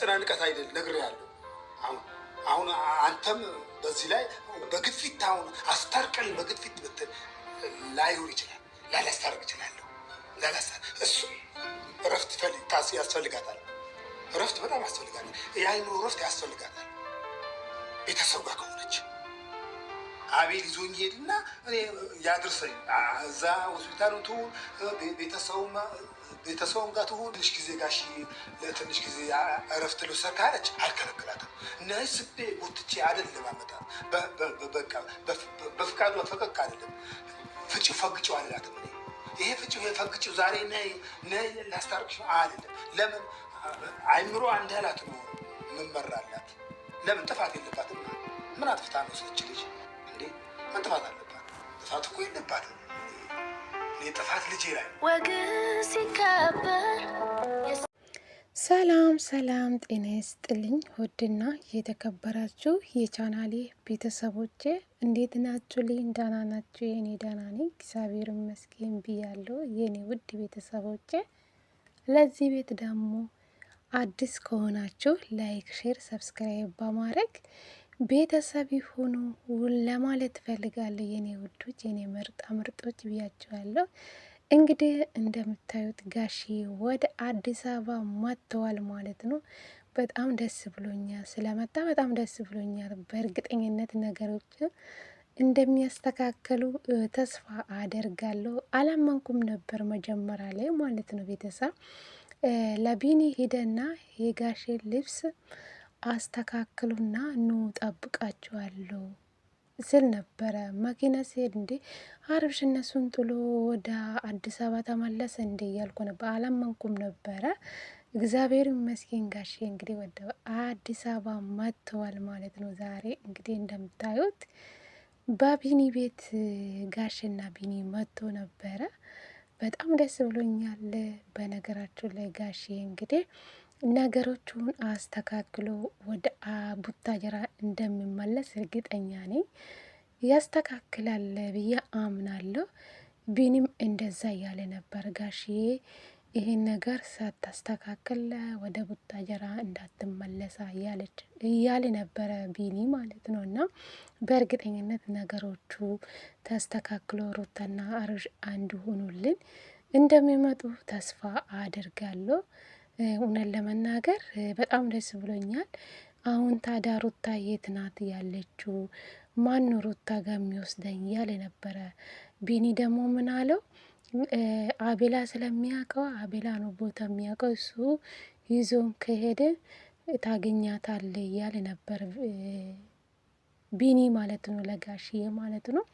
አስጨናንቀት አይደል ነግሬሃለሁ። አሁን አሁን አንተም በዚህ ላይ በግፊት አሁን አስታርቀን በግፊት ብትል ላይሆን ይችላል። ላላስታርቅ እችላለሁ። እሱ እረፍት ያስፈልጋታል። እረፍት በጣም ያስፈልጋታል። የአይኑ እረፍት ያስፈልጋታል። ቤተሰብ ጋር ከሆነች አቤል ይዞኝ ሄድና ያድርሰኝ እዛ ሆስፒታል ቤተሰቡ ቤተሰቡም ጋር ትሁን ትንሽ ጊዜ ጋሽ ለትንሽ ጊዜ እረፍት ልውሰድ ካለች አልከለክላትም። እነዚህ ስቤ ውትቼ አይደለም አመጣት በቃ በፍቃዷ ፈቀቅ አይደለም ፍጭ ፈግጭው አልላትም። ይሄ ፍጭ ፈግጭው ዛሬ ነ ነ ላስታርቅሽ አይደለም። ለምን አይምሮ አንድ ያላት ነው ምመራላት። ለምን ጥፋት የለባትም። ምን አጥፍታ ነው ስልች ልጅ እንዴ? ምን ጥፋት አለባት? ጥፋት እኮ የለባትም። የጥፋት ልጅ ይላል ወግ ሲከበር ሰላም ሰላም፣ ጤና ይስጥልኝ። ውድና የተከበራችሁ የቻናሌ ቤተሰቦቼ እንዴት ናችሁ? ልኝ ደህና ናችሁ? የኔ ደህና ነኝ እግዚአብሔር ይመስገን ብያለሁ። የኔ ውድ ቤተሰቦቼ ለዚህ ቤት ደግሞ አዲስ ከሆናችሁ ላይክ፣ ሼር፣ ሰብስክራይብ በማድረግ ቤተሰብ ይሁኑ ለማለት ፈልጋለሁ። የኔ ውዶች፣ የኔ ምርጣ ምርጦች ብያቸዋለሁ። እንግዲህ እንደምታዩት ጋሺ ወደ አዲስ አበባ መጥተዋል ማለት ነው። በጣም ደስ ብሎኛል ስለመጣ በጣም ደስ ብሎኛል። በእርግጠኝነት ነገሮች እንደሚያስተካከሉ ተስፋ አደርጋለሁ። አላመንኩም ነበር መጀመሪያ ላይ ማለት ነው። ቤተሰብ ለቢኒ ሂደና የጋሼ ልብስ አስተካክሉና ኑ ጠብቃችኋለሁ ስል ነበረ። መኪና ሲሄድ እንዴ አርብሽ እነሱን ጥሎ ወደ አዲስ አበባ ተመለሰ እንዴ እያልኩ ነበር። አላመንኩም ነበረ። እግዚአብሔር ይመስገን ጋሼ እንግዲህ ወደ አዲስ አበባ መጥተዋል ማለት ነው። ዛሬ እንግዲህ እንደምታዩት በቢኒ ቤት ጋሽና ቢኒ መጥቶ ነበረ። በጣም ደስ ብሎኛል። በነገራችሁ ላይ ጋሼ እንግዲህ ነገሮቹን አስተካክሎ ወደ ቡታጀራ እንደሚመለስ እርግጠኛ ነኝ። ያስተካክላል ብዬ አምናለሁ። ቢኒም እንደዛ እያለ ነበር ጋሽዬ ይህን ነገር ሳታስተካክል ወደ ቡታጀራ እንዳትመለሳ እያለች እያለ ነበረ ቢኒ ማለት ነው። እና በእርግጠኝነት ነገሮቹ ተስተካክሎ ሩታና አርዥ አንድ ሆኑልን እንደሚመጡ ተስፋ አድርጋለሁ። እውነት ለመናገር በጣም ደስ ብሎኛል። አሁን ታዲያ ሩታ የት ናት ያለችው? ማን ሩታ ጋር የሚወስደኝ እያለ ነበረ። ቢኒ ደግሞ ምን አለው? አቤላ ስለሚያውቀው አቤላ ነው ቦታ የሚያውቀው እሱ ይዞን ከሄደ ታገኛታል እያለ ነበር። ቢኒ ማለት ነው ለጋሽዬ ማለት ነው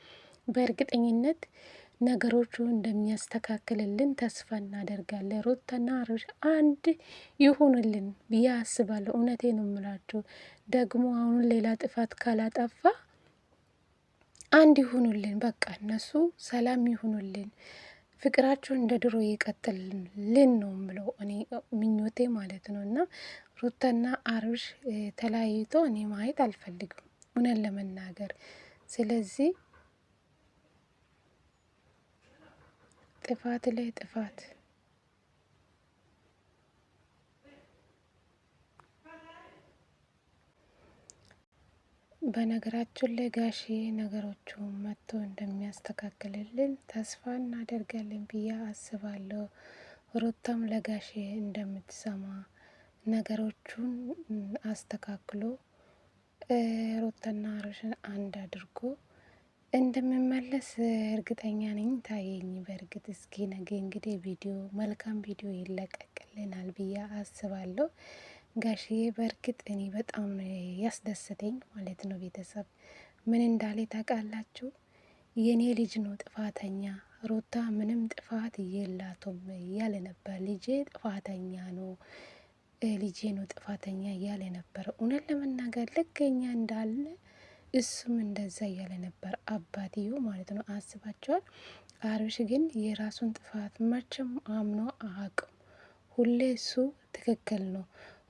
በእርግጠኝነት ነገሮቹ እንደሚያስተካክልልን ተስፋ እናደርጋለን። ሩታና አብርሽ አንድ ይሁንልን ብዬ አስባለሁ። እውነቴ ነው የምላችሁ። ደግሞ አሁን ሌላ ጥፋት ካላጠፋ አንድ ይሁኑልን። በቃ እነሱ ሰላም ይሁኑልን። ፍቅራችሁ እንደ ድሮ ይቀጥልልን ነው ምለው እኔ ምኞቴ ማለት ነው። እና ሩታና አብርሽ ተለያይቶ እኔ ማየት አልፈልግም እውነን ለመናገር ስለዚህ ጥፋት ላይ ጥፋት በነገራችን ላይ ጋሼ ነገሮቹ መጥቶ እንደሚያስተካክልልን ተስፋ እናደርጋለን ብዬ አስባለሁ። ሩታም ለጋሼ እንደምትሰማ ነገሮቹን አስተካክሎ ሩታና አብርሽን አንድ አድርጎ እንደምመለስ እርግጠኛ ነኝ። ታየኝ በእርግጥ እስኪ ነገ እንግዲህ ቪዲዮ መልካም ቪዲዮ ይለቀቅልናል ብዬ አስባለሁ። ጋሽዬ በእርግጥ እኔ በጣም ያስደሰተኝ ማለት ነው። ቤተሰብ ምን እንዳለ ታውቃላችሁ? የእኔ ልጅ ነው ጥፋተኛ፣ ሩታ ምንም ጥፋት የላቱም እያለ ነበር። ልጄ ጥፋተኛ ነው ልጄ ነው ጥፋተኛ እያለ ነበር። እውነት ለመናገር ልክ እኛ እንዳለ እሱም እንደዛ እያለ ነበር አባትየው ማለት ነው። አስባቸዋል። አብርሽ ግን የራሱን ጥፋት መቼም አምኖ አቅም ሁሌ እሱ ትክክል ነው፣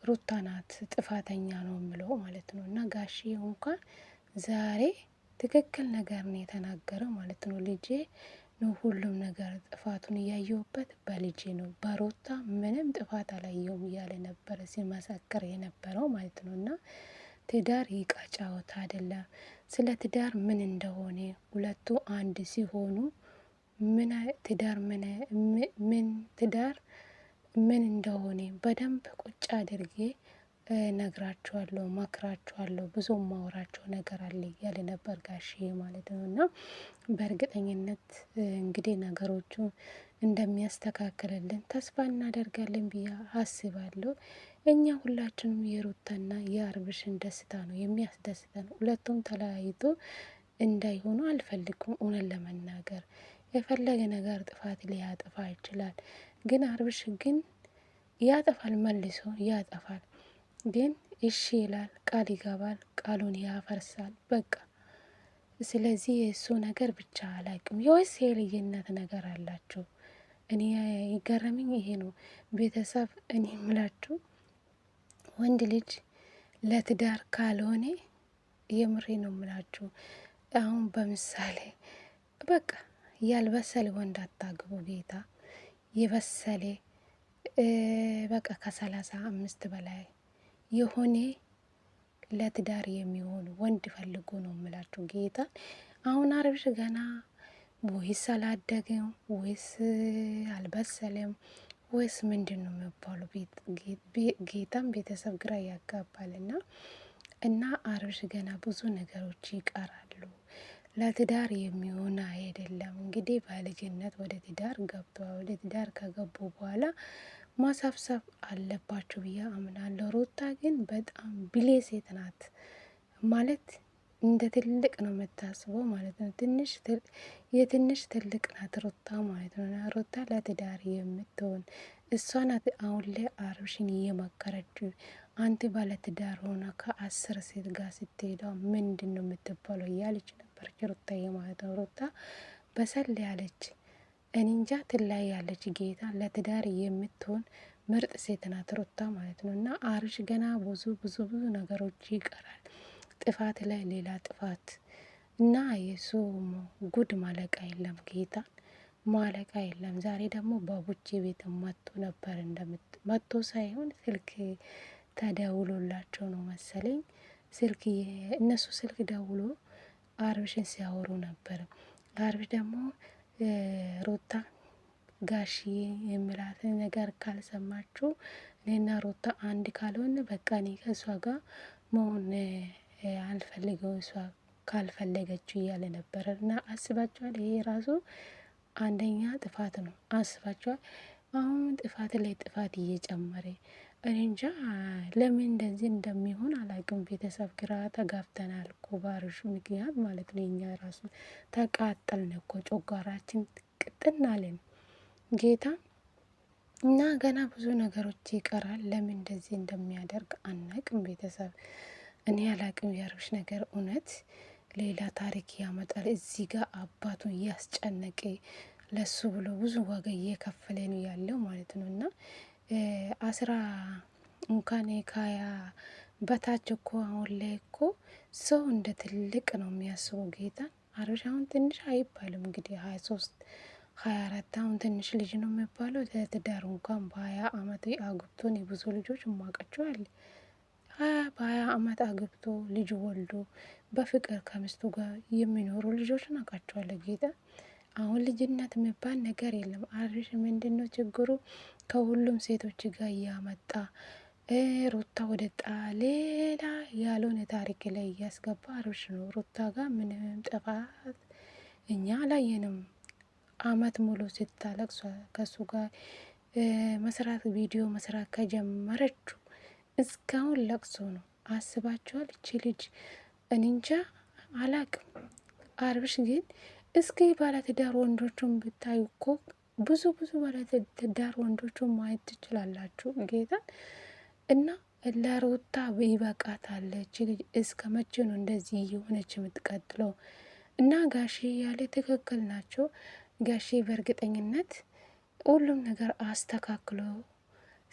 ሩታ ናት ጥፋተኛ ነው የምለው ማለት ነው። እና ጋሽ እንኳን ዛሬ ትክክል ነገር ነው የተናገረው ማለት ነው። ልጄ ነው ሁሉም ነገር ጥፋቱን እያየውበት በልጄ ነው፣ በሩታ ምንም ጥፋት አላየውም እያለ ነበረ ሲመሰክር የነበረው ማለት ነው እና ትዳር የዕቃ ጨዋታ አይደለም። ስለ ትዳር ምን እንደሆነ ሁለቱ አንድ ሲሆኑ ትዳር ምን ትዳር ምን እንደሆነ በደንብ ቁጭ አድርጌ ነግራችኋለሁ፣ መክራችኋለሁ። ብዙ ማውራቸው ነገር አለ እያለ ነበር ጋሼ ማለት ነው። እና በእርግጠኝነት እንግዲህ ነገሮቹ እንደሚያስተካክልልን ተስፋ እናደርጋለን ብዬ አስባለሁ። እኛ ሁላችንም የሩታና የአብርሽን ደስታ ነው የሚያስደስተን። ሁለቱም ተለያይቶ እንዳይሆኑ አልፈልግም። እውነት ለመናገር የፈለገ ነገር ጥፋት ሊያጠፋ ይችላል፣ ግን አብርሽ ግን ያጠፋል፣ መልሶ ያጠፋል። ግን እሺ ይላል፣ ቃል ይገባል፣ ቃሉን ያፈርሳል። በቃ ስለዚህ የእሱ ነገር ብቻ አላቅም። የወስ የልዩነት ነገር አላቸው። እኔ ይገረምኝ ይሄ ነው ቤተሰብ እኔ ምላችሁ ወንድ ልጅ ለትዳር ካልሆነ የምሬ ነው ምላችሁ። አሁን በምሳሌ በቃ ያልበሰለ ወንድ አታግቡ ጌታ የበሰለ በቃ ከሰላሳ አምስት በላይ የሆነ ለትዳር የሚሆኑ ወንድ ፈልጉ ነው ምላችሁ ጌታ። አሁን አብርሽ ገና ወይስ አላደገም ወይስ አልበሰለም ወይስ ምንድን ነው የሚባለው? ጌታም ቤተሰብ ግራ ያጋባልና እና አብርሽ ገና ብዙ ነገሮች ይቀራሉ። ለትዳር የሚሆን አይደለም። እንግዲህ በልጅነት ወደ ትዳር ገብተዋል። ወደ ትዳር ከገቡ በኋላ ማሳብሰብ አለባቸው ብዬ አምናለሁ። ሩታ ግን በጣም ብሌ ሴት ናት ማለት እንደ ትልቅ ነው የምታስበው ማለት ነው። ትንሽ የትንሽ ትልቅ ናት ሩታ ማለት ነው። ሩታ ለትዳር የምትሆን እሷ ናት። አሁን ላይ አብርሽን እየመከረችው አንተ ባለትዳር ሆና ከአስር ሴት ጋር ስትሄዳ ምንድን ነው የምትባለው እያለች ነበረች ሩታ የማለት ነው። ሩታ በሰል ያለች እንጃ ትላይ ያለች ጌታ ለትዳር የምትሆን ምርጥ ሴት ናት ሩታ ማለት ነው። እና አብርሽ ገና ብዙ ብዙ ብዙ ነገሮች ይቀራል። ጥፋት ላይ ሌላ ጥፋት እና የሱ ጉድ ማለቃ የለም። ጌታ ማለቃ የለም። ዛሬ ደግሞ በቡቼ ቤት መጥቶ ነበር። እንደምት መጥቶ ሳይሆን ስልክ ተደውሎላቸው ነው መሰለኝ። ስልክ እነሱ ስልክ ደውሎ አብርሽን ሲያወሩ ነበር። አብርሽ ደግሞ ሩታ ጋሽዬ የምላትን ነገር ካልሰማችሁ እኔና ሩታ አንድ ካልሆን በቃ እኔ ከእሷ ጋር መሆን የማልፈልገው እሷ ካልፈለገችው እያለ ነበረ እና አስባችኋል። ይሄ ራሱ አንደኛ ጥፋት ነው። አስባችኋል። አሁን ጥፋት ላይ ጥፋት እየጨመረ እንጃ ለምን እንደዚህ እንደሚሆን አላቅም። ቤተሰብ ግራ ተጋብተናል እኮ ባርሽ ምክንያት ማለት ነው። እኛ ራሱ ተቃጠልን እኮ ጮጓራችን ቅጥናለን ጌታ እና ገና ብዙ ነገሮች ይቀራል። ለምን እንደዚህ እንደሚያደርግ አናቅም ቤተሰብ እኔ ያላቅም የአብርሽ ነገር እውነት ሌላ ታሪክ ያመጣል። እዚህ ጋር አባቱ እያስጨነቀ ለሱ ብሎ ብዙ ዋጋ እየከፈለ ነው ያለው ማለት ነው እና አስራ እንኳን ካያ በታች እኮ አሁን ላይ እኮ ሰው እንደ ትልቅ ነው የሚያስበው ጌታ አብርሽ አሁን ትንሽ አይባልም እንግዲህ ሀያ ሶስት ሀያ አራት አሁን ትንሽ ልጅ ነው የሚባለው። ለትዳር እንኳን በሀያ አመት አግብቶን የብዙ ልጆች እማቃቸው አለ በሀያ አመት አግብቶ ልጅ ወልዶ በፍቅር ከሚስቱ ጋር የሚኖሩ ልጆች ናቃቸዋለሁ ጌታ። አሁን ልጅነት የሚባል ነገር የለም። አብርሽ ምንድነው ችግሩ? ከሁሉም ሴቶች ጋር እያመጣ ሩታ ወደ ጣ ሌላ ያለውን ታሪክ ላይ እያስገባ አብርሽ ነው። ሩታ ጋር ምንም ጥፋት እኛ አላየንም። አመት ሙሉ ስታለቅሷ ከሱ ጋር መስራት ቪዲዮ መስራት ከጀመረችው እስካሁን ለቅሶ ነው። አስባችኋል? እቺ ልጅ እኔ እንጃ አላቅም። አብርሽ ግን እስኪ ባለትዳር ወንዶቹን ብታዩ እኮ ብዙ ብዙ ባለትዳር ወንዶቹን ማየት ትችላላችሁ። ጌታን እና ለሩታ ይበቃታል። እቺ ልጅ እስከ መቼ ነው እንደዚህ እየሆነች የምትቀጥለው? እና ጋሼ ያለ ትክክል ናቸው። ጋሼ በእርግጠኝነት ሁሉም ነገር አስተካክሎ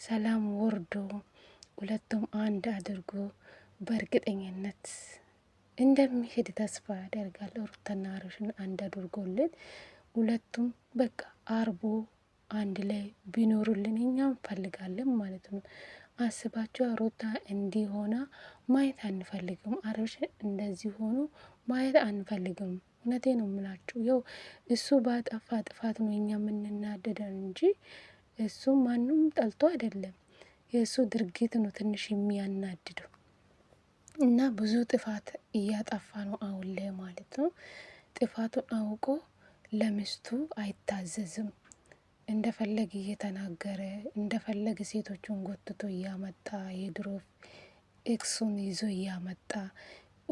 ሰላም ወርዶ ሁለቱም አንድ አድርጎ በእርግጠኝነት እንደሚሄድ ተስፋ ያደርጋል። ሩታና አብርሽን አንድ አድርጎልን ሁለቱም በቃ አርቦ አንድ ላይ ቢኖሩልን እኛ እንፈልጋለን ማለት ነው። አስባቸው ሩታ እንዲሆና ማየት አንፈልግም። አብርሽ እንደዚህ ሆኖ ማየት አንፈልግም። እውነቴ ነው የምላችሁ። ያው እሱ በአጠፋ ጥፋት ነው እኛ የምንናደደን እንጂ እሱ ማንም ጠልቶ አይደለም። የእሱ ድርጊት ነው ትንሽ የሚያናድደው እና ብዙ ጥፋት እያጠፋ ነው አሁን ላይ ማለት ነው። ጥፋቱን አውቆ ለሚስቱ አይታዘዝም። እንደፈለግ እየተናገረ እንደፈለግ ሴቶቹን ጎትቶ እያመጣ የድሮ ኤክሱን ይዞ እያመጣ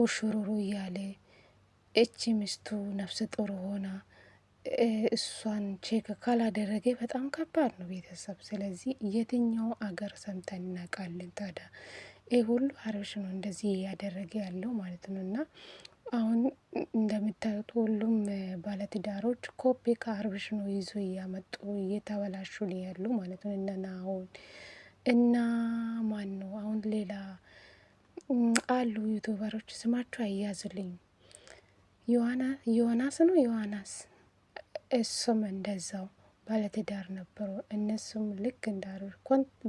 ኡሹሩሩ እያለ እቺ ሚስቱ ነፍሰ ጡር ሆና እሷን ቼክ ካላደረገ በጣም ከባድ ነው ቤተሰብ። ስለዚህ የትኛው አገር ሰምተን እናውቃለን ታዲያ? ይህ ሁሉ ሀርብሽ ነው እንደዚህ እያደረገ ያለው ማለት ነው። እና አሁን እንደምታዩት ሁሉም ባለትዳሮች ኮፒ ከሀርብሽ ነው ይዞ እያመጡ እየተበላሹ ያሉ ማለት ነው። እነ አሁን እና ማን ነው አሁን ሌላ አሉ ዩቱበሮች ስማቸው አያዝልኝ ዮናስ ነው ዮናስ እሱም እንደዛው ባለትዳር ነበሩ። እነሱም ልክ እንዳሩር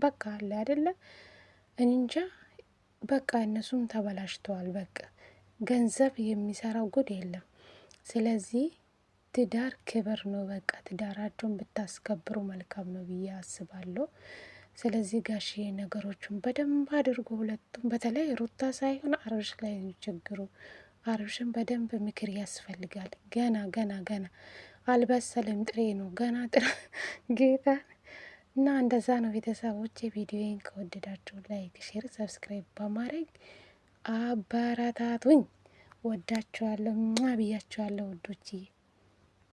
በቃ አለ አይደለ እንጃ በቃ እነሱም ተበላሽተዋል። በቃ ገንዘብ የሚሰራው ጉድ የለም። ስለዚህ ትዳር ክብር ነው። በቃ ትዳራቸውን ብታስከብሩ መልካም ነው ብዬ አስባለሁ። ስለዚህ ጋሽዬ ነገሮቹን በደንብ አድርጎ ሁለቱም በተለይ ሩታ ሳይሆን አብርሽ ላይ ችግሩ አብርሽን በደንብ ምክር ያስፈልጋል። ገና ገና ገና አልበሰለም፣ ጥሬ ነው ገና ጥ ጌታ እና እንደዛ ነው ቤተሰቦች። ቪዲዮን ከወደዳችሁ ላይክ፣ ሼር፣ ሰብስክራይብ በማድረግ አበረታቱኝ። ወዳችኋለሁ፣ ብያችኋለሁ ውዶችዬ።